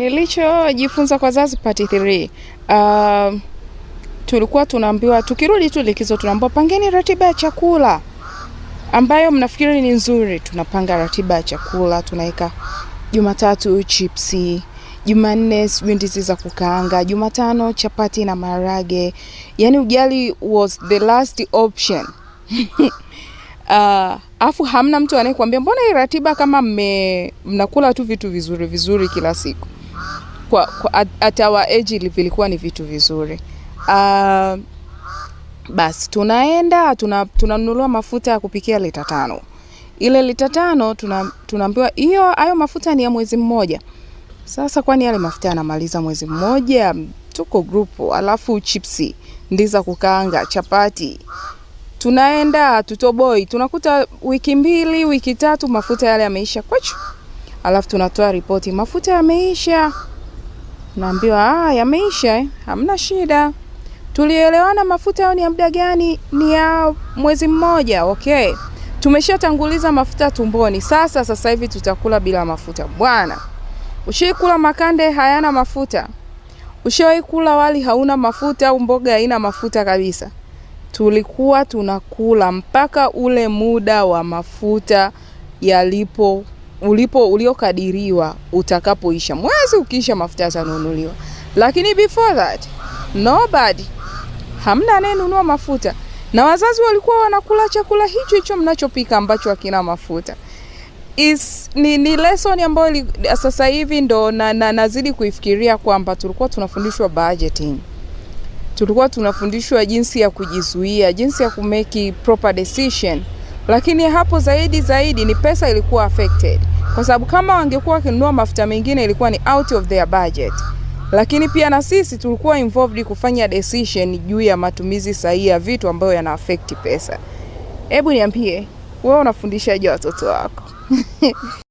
Nilichojifunza kwa Zazi Part 3 uh, um, tulikuwa tunaambiwa tukirudi tu likizo, tunaambiwa pangeni ratiba ya chakula ambayo mnafikiri ni nzuri. Tunapanga ratiba ya chakula, tunaweka Jumatatu chipsi, Jumanne sijui ndizi za kukaanga, Jumatano chapati na maharage, yani ugali was the last option Uh, afu hamna mtu anayekuambia mbona hii ratiba kama mme, mnakula tu vitu vizuri vizuri kila siku kwa, kwa at our age vilikuwa ni vitu vizuri. Uh, ah, basi tunaenda tunanunuliwa tuna mafuta ya kupikia lita tano. Ile lita tano tunaambiwa tuna hiyo hayo mafuta ni ya mwezi mmoja. Sasa kwani yale mafuta yanamaliza mwezi mmoja? Tuko grupu, alafu chipsi, ndiza kukaanga, chapati tunaenda tutoboi, tunakuta wiki mbili wiki tatu mafuta yale yameisha kwachu, alafu tunatoa ripoti, mafuta yameisha. Naambiwa ah, yameisha, eh, hamna shida. Tulielewana mafuta yao ni ya muda gani? Ni ya mwezi mmoja. Okay, tumeshatanguliza mafuta tumboni, sasa sasa hivi tutakula bila mafuta. Bwana, ushawahi kula makande hayana mafuta? Ushawahi kula wali hauna mafuta au mboga haina mafuta kabisa? Tulikuwa tunakula mpaka ule muda wa mafuta yalipo ulipo uliokadiriwa utakapoisha. Mwezi ukiisha, mafuta yatanunuliwa, lakini before that nobody, hamna anayenunua mafuta, na wazazi walikuwa wanakula chakula hicho hicho mnachopika ambacho hakina mafuta. Is, ni, ni lesson ambayo sasa hivi ndo na, na, nazidi kuifikiria kwamba tulikuwa tunafundishwa budgeting, tulikuwa tunafundishwa jinsi ya kujizuia, jinsi ya kumeki proper decision lakini hapo zaidi zaidi ni pesa ilikuwa affected, kwa sababu kama wangekuwa wakinunua mafuta mengine ilikuwa ni out of their budget. Lakini pia na sisi tulikuwa involved kufanya decision juu ya matumizi sahihi ya vitu ambayo yana affect pesa. Hebu niambie, wewe unafundishaje watoto wako?